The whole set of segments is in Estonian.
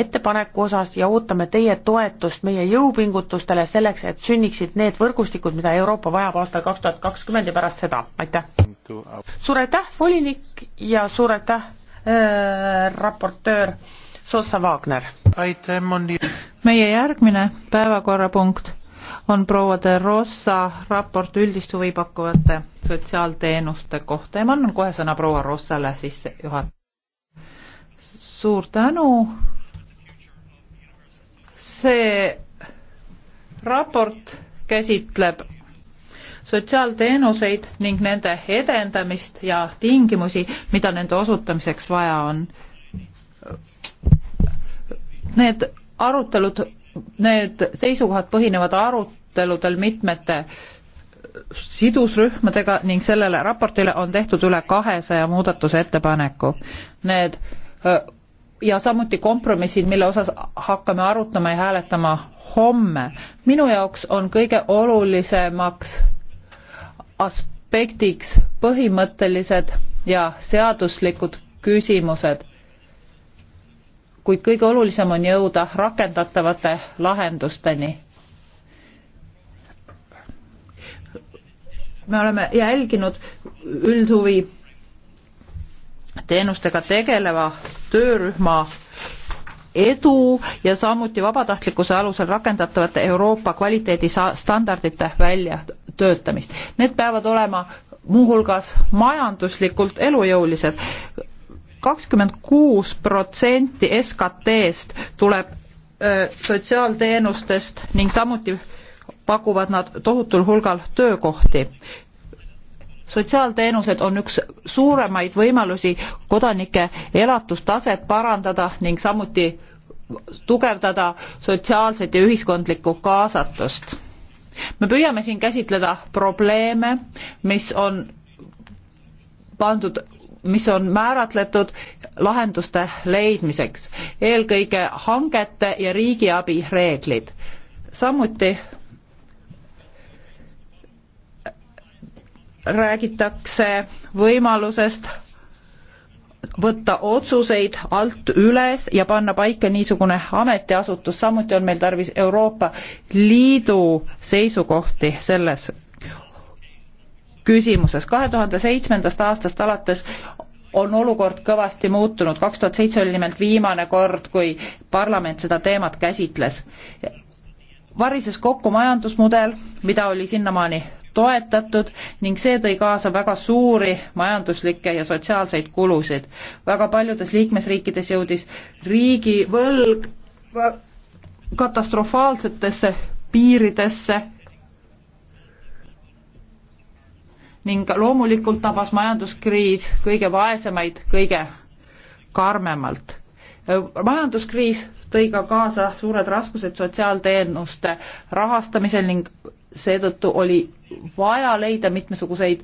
ettepaneku osas ja ootame teie toetust meie jõupingutustele selleks, et sünniksid need võrgustikud, mida Euroopa vajab aastal kaks tuhat kakskümmend ja pärast seda, aitäh! suur aitäh, volinik, ja suur aitäh äh,, raportöör Sosa Wagner! meie järgmine päevakorrapunkt on proua de Rossa raport üldist huvi pakkuvate sotsiaalteenuste kohta ja ma annan kohe sõna proua Rossale sisse juhatajale. suur tänu see raport käsitleb sotsiaalteenuseid ning nende edendamist ja tingimusi, mida nende osutamiseks vaja on. Need arutelud, need seisukohad põhinevad aruteludel mitmete sidusrühmadega ning sellele raportile on tehtud üle kahesaja muudatusettepaneku. Need äh, ja samuti kompromissid, mille osas hakkame arutama ja hääletama homme. minu jaoks on kõige olulisemaks aspektiks põhimõttelised ja seaduslikud küsimused, kuid kõige olulisem on jõuda rakendatavate lahendusteni. me oleme jälginud üldhuvi teenustega tegeleva töörühma edu ja samuti vabatahtlikkuse alusel rakendatavate Euroopa kvaliteedistandardite väljatöötamist. Need peavad olema muuhulgas majanduslikult elujõulised. kakskümmend kuus protsenti SKT-st tuleb öö, sotsiaalteenustest ning samuti pakuvad nad tohutul hulgal töökohti sotsiaalteenused on üks suuremaid võimalusi kodanike elatustaset parandada ning samuti tugevdada sotsiaalset ja ühiskondlikku kaasatust. me püüame siin käsitleda probleeme, mis on pandud, mis on määratletud lahenduste leidmiseks, eelkõige hangete ja riigiabi reeglid. samuti räägitakse võimalusest võtta otsuseid alt üles ja panna paika niisugune ametiasutus, samuti on meil tarvis Euroopa Liidu seisukohti selles küsimuses. kahe tuhande seitsmendast aastast alates on olukord kõvasti muutunud, kaks tuhat seitse oli nimelt viimane kord, kui parlament seda teemat käsitles. varises kokku majandusmudel, mida oli sinnamaani toetatud ning see tõi kaasa väga suuri majanduslikke ja sotsiaalseid kulusid. väga paljudes liikmesriikides jõudis riigivõlg katastrofaalsetesse piiridesse ning loomulikult tabas majanduskriis kõige vaesemaid kõige karmemalt majanduskriis tõi ka kaasa suured raskused sotsiaalteenuste rahastamisel ning seetõttu oli vaja leida mitmesuguseid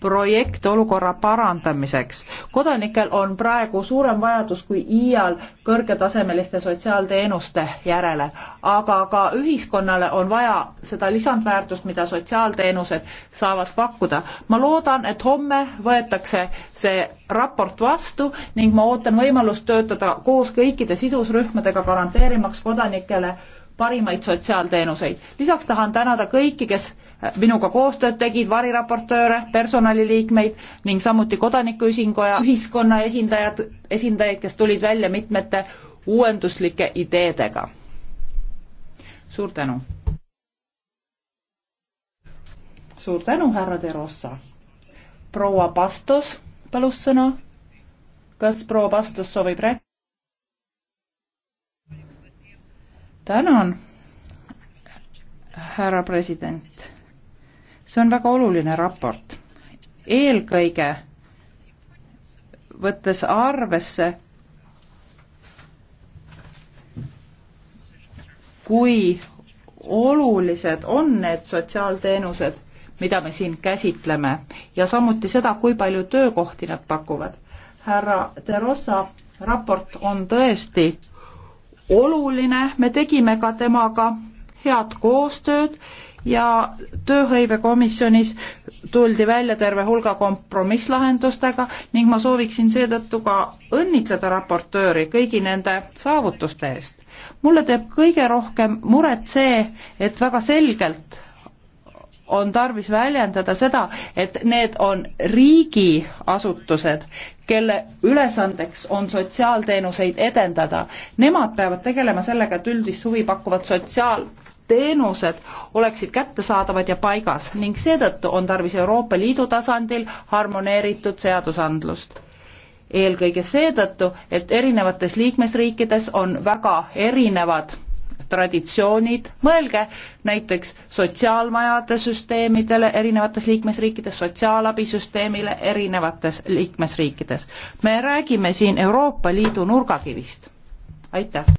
projekte olukorra parandamiseks. kodanikel on praegu suurem vajadus kui iial kõrgetasemeliste sotsiaalteenuste järele, aga ka ühiskonnale on vaja seda lisandväärtust, mida sotsiaalteenused saavad pakkuda. ma loodan, et homme võetakse see raport vastu ning ma ootan võimalust töötada koos kõikide sidusrühmadega, garanteerimaks kodanikele parimaid sotsiaalteenuseid. lisaks tahan tänada kõiki, kes minuga koostööd tegid, variraportööre, personaliliikmeid ning samuti kodanikuühingu ja ühiskonna esindajad, esindajaid, kes tulid välja mitmete uuenduslike ideedega. suur tänu! suur tänu, härra De Rossa! proua Pastos palus sõna. kas proua Pastos soovib rääkida? tänan, härra president see on väga oluline raport. eelkõige võttes arvesse, kui olulised on need sotsiaalteenused, mida me siin käsitleme ja samuti seda, kui palju töökohti nad pakuvad. härra De Rosa raport on tõesti oluline, me tegime ka temaga head koostööd ja tööhõivekomisjonis tuldi välja terve hulga kompromisslahendustega ning ma sooviksin seetõttu ka õnnitleda raportööri kõigi nende saavutuste eest. mulle teeb kõige rohkem muret see, et väga selgelt on tarvis väljendada seda, et need on riigiasutused, kelle ülesandeks on sotsiaalteenuseid edendada. Nemad peavad tegelema sellega, et üldist huvi pakkuvat sotsiaal teenused oleksid kättesaadavad ja paigas ning seetõttu on tarvis Euroopa Liidu tasandil harmoneeritud seadusandlust. eelkõige seetõttu, et erinevates liikmesriikides on väga erinevad traditsioonid, mõelge näiteks sotsiaalmajade süsteemidele erinevates liikmesriikides, sotsiaalabisüsteemile erinevates liikmesriikides. me räägime siin Euroopa Liidu nurgakivist. aitäh!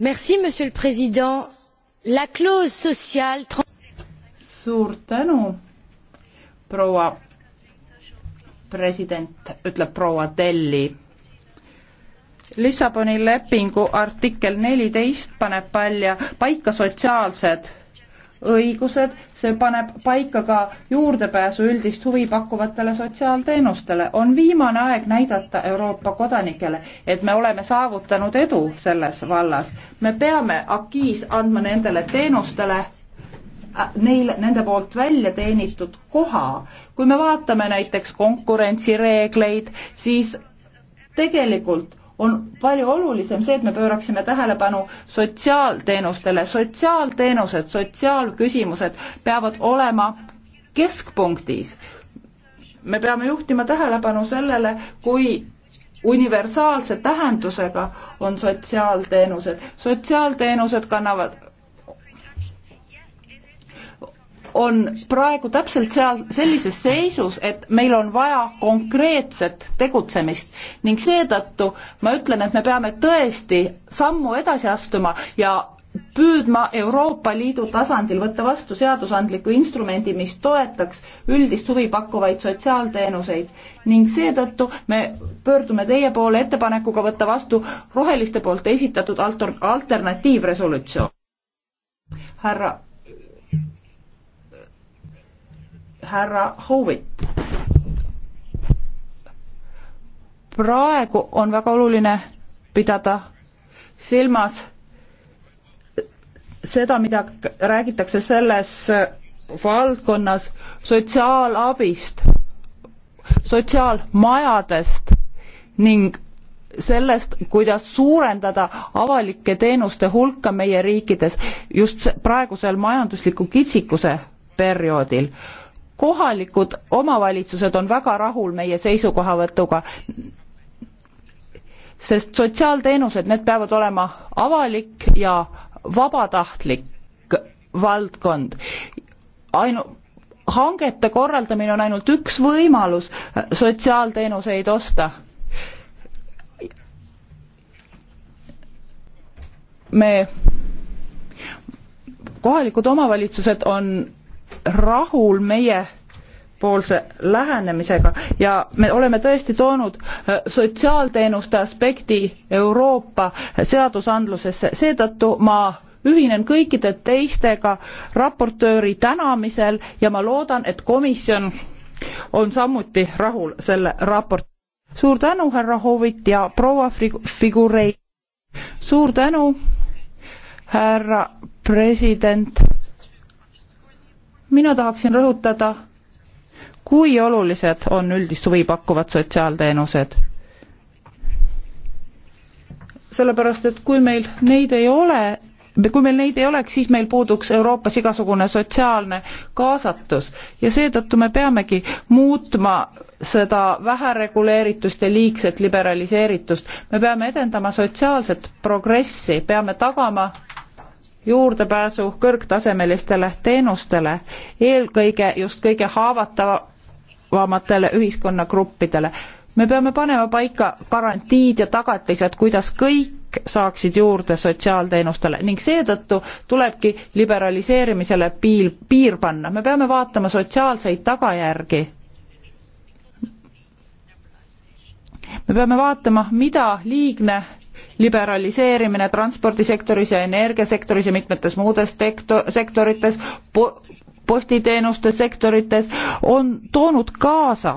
monsieur le président la clause sociale. suur tänu proua president ütleb proua Telli. Lissaboni lepingu artikkel neliteist paneb palja paika sotsiaalsed õigused, see paneb paika ka juurdepääsu üldist huvi pakkuvatele sotsiaalteenustele. on viimane aeg näidata Euroopa kodanikele, et me oleme saavutanud edu selles vallas. me peame AKIS andma nendele teenustele äh, neile, nende poolt välja teenitud koha. kui me vaatame näiteks konkurentsireegleid, siis tegelikult on palju olulisem see, et me pööraksime tähelepanu sotsiaalteenustele, sotsiaalteenused, sotsiaalküsimused peavad olema keskpunktis. me peame juhtima tähelepanu sellele, kui universaalse tähendusega on sotsiaalteenused. sotsiaalteenused kannavad on praegu täpselt seal sellises seisus, et meil on vaja konkreetset tegutsemist ning seetõttu ma ütlen, et me peame tõesti sammu edasi astuma ja püüdma Euroopa Liidu tasandil võtta vastu seadusandliku instrumendi, mis toetaks üldist huvi pakkuvaid sotsiaalteenuseid ning seetõttu me pöördume teie poole ettepanekuga võtta vastu roheliste poolt esitatud alter-, alternatiivresolutsioon. härra härra Howitt. praegu on väga oluline pidada silmas seda, mida räägitakse selles valdkonnas sotsiaalabist, sotsiaalmajadest ning sellest, kuidas suurendada avalike teenuste hulka meie riikides just praegusel majandusliku kitsikuse perioodil kohalikud omavalitsused on väga rahul meie seisukohavõtuga, sest sotsiaalteenused, need peavad olema avalik ja vabatahtlik valdkond. ainu-, hangete korraldamine on ainult üks võimalus sotsiaalteenuseid osta. me, kohalikud omavalitsused on rahul meie poolse lähenemisega ja me oleme tõesti toonud äh, sotsiaalteenuste aspekti Euroopa seadusandlusesse, seetõttu ma ühinen kõikide teistega raportööri tänamisel ja ma loodan, et komisjon on samuti rahul selle raporti. suur tänu, härra Hovit ja proua Figurei. suur tänu, härra president mina tahaksin rõhutada, kui olulised on üldist huvi pakkuvad sotsiaalteenused. sellepärast, et kui meil neid ei ole, kui meil neid ei oleks, siis meil puuduks Euroopas igasugune sotsiaalne kaasatus ja seetõttu me peamegi muutma seda vähereguleeritust ja liigset liberaliseeritust. me peame edendama sotsiaalset progressi, peame tagama juurdepääsu kõrgtasemelistele teenustele, eelkõige just kõige haavatavamatele ühiskonnagruppidele. me peame panema paika garantiid ja tagatised, kuidas kõik saaksid juurde sotsiaalteenustele ning seetõttu tulebki liberaliseerimisele piil, piir panna, me peame vaatama sotsiaalseid tagajärgi me peame vaatama, mida liigne liberaliseerimine transpordisektoris ja energiasektoris ja mitmetes muudes tekto-, sektorites po, postiteenuste sektorites on toonud kaasa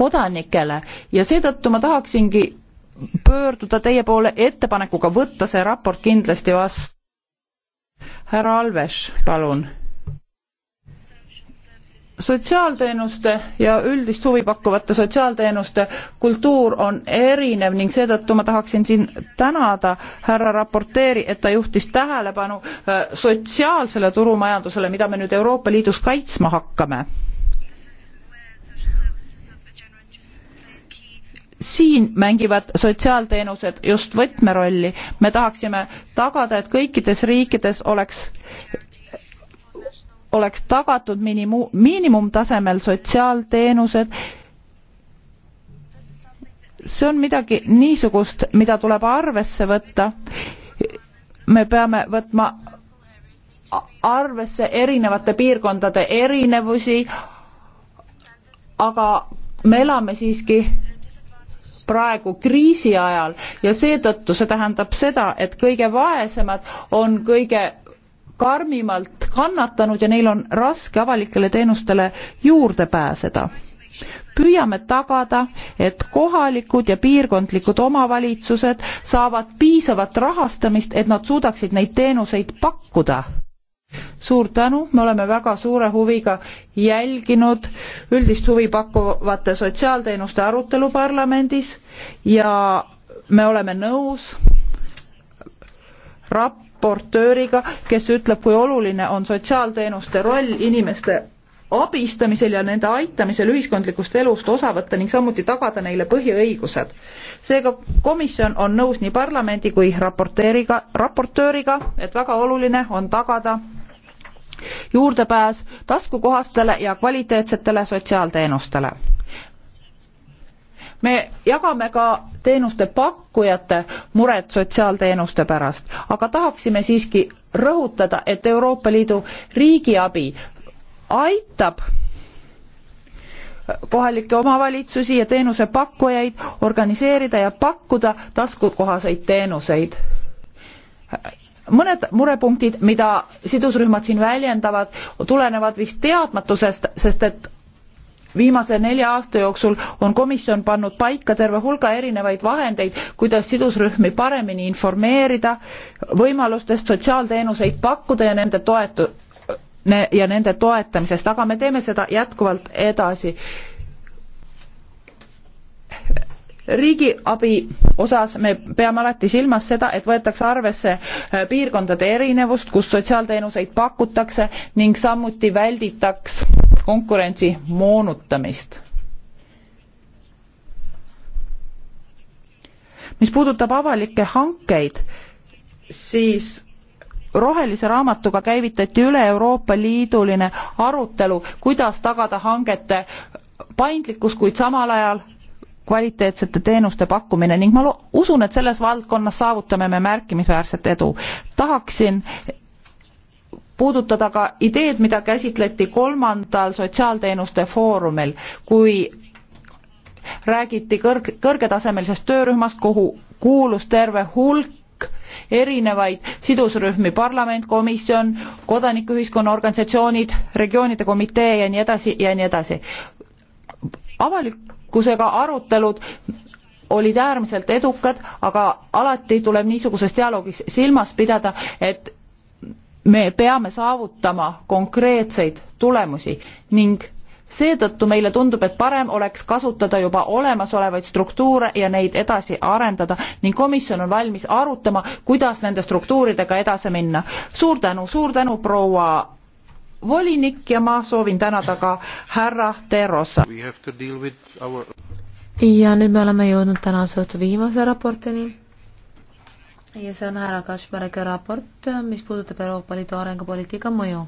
kodanikele ja seetõttu ma tahaksingi pöörduda teie poole ettepanekuga võtta see raport kindlasti vastu. härra Alves, palun sotsiaalteenuste ja üldist huvi pakkuvate sotsiaalteenuste kultuur on erinev ning seetõttu ma tahaksin siin tänada härra raporteeri, et ta juhtis tähelepanu äh, sotsiaalsele turumajandusele, mida me nüüd Euroopa Liidus kaitsma hakkame. siin mängivad sotsiaalteenused just võtmerolli. me tahaksime tagada, et kõikides riikides oleks oleks tagatud miinimu-, miinimumtasemel sotsiaalteenused. see on midagi niisugust, mida tuleb arvesse võtta. me peame võtma arvesse erinevate piirkondade erinevusi, aga me elame siiski praegu kriisi ajal ja seetõttu see tähendab seda, et kõige vaesemad on kõige karmimalt kannatanud ja neil on raske avalikele teenustele juurde pääseda. püüame tagada, et kohalikud ja piirkondlikud omavalitsused saavad piisavat rahastamist, et nad suudaksid neid teenuseid pakkuda suur tänu, me oleme väga suure huviga jälginud üldist huvi pakkuvate sotsiaalteenuste arutelu parlamendis ja me oleme nõus rap-, raportööriga, kes ütleb, kui oluline on sotsiaalteenuste roll inimeste abistamisel ja nende aitamisel ühiskondlikust elust osa võtta ning samuti tagada neile põhiõigused. seega komisjon on nõus nii parlamendi kui raporteeriga, raportööriga, et väga oluline on tagada juurdepääs taskukohastele ja kvaliteetsetele sotsiaalteenustele me jagame ka teenuste pakkujate muret sotsiaalteenuste pärast, aga tahaksime siiski rõhutada, et Euroopa Liidu riigiabi aitab kohalikke omavalitsusi ja teenusepakkujaid organiseerida ja pakkuda taskukohaseid teenuseid. mõned murepunktid, mida sidusrühmad siin väljendavad, tulenevad vist teadmatusest, sest et viimase nelja aasta jooksul on komisjon pannud paika terve hulga erinevaid vahendeid, kuidas sidusrühmi paremini informeerida, võimalustest sotsiaalteenuseid pakkuda ja nende toetu- ne, ja nende toetamisest, aga me teeme seda jätkuvalt edasi riigiabi osas me peame alati silmas seda, et võetakse arvesse äh, piirkondade erinevust, kus sotsiaalteenuseid pakutakse ning samuti välditaks konkurentsi moonutamist. mis puudutab avalikke hankeid, siis rohelise raamatuga käivitati üle Euroopa Liiduline arutelu, kuidas tagada hangete paindlikkus, kuid samal ajal kvaliteetsete teenuste pakkumine ning ma usun, et selles valdkonnas saavutame me märkimisväärset edu. tahaksin puudutada ka ideed, mida käsitleti kolmandal sotsiaalteenuste foorumil, kui räägiti kõrg, kõrgetasemelisest töörühmast, kuhu kuulus terve hulk erinevaid sidusrühmi, parlament, komisjon, kodanikuühiskonna organisatsioonid, regioonide komitee ja nii edasi ja nii edasi. avalik avalikkusega arutelud olid äärmiselt edukad, aga alati tuleb niisuguses dialoogis silmas pidada, et me peame saavutama konkreetseid tulemusi ning seetõttu meile tundub, et parem oleks kasutada juba olemasolevaid struktuure ja neid edasi arendada ning komisjon on valmis arutama, kuidas nende struktuuridega edasi minna. suur tänu, suur tänu, proua volinik ja ma soovin tänada ka härra Terrosa. Our... ja nüüd me oleme jõudnud tänase õhtu viimase raportini ja see on härra Kašmaregi raport, mis puudutab Euroopa Liidu arengupoliitika mõju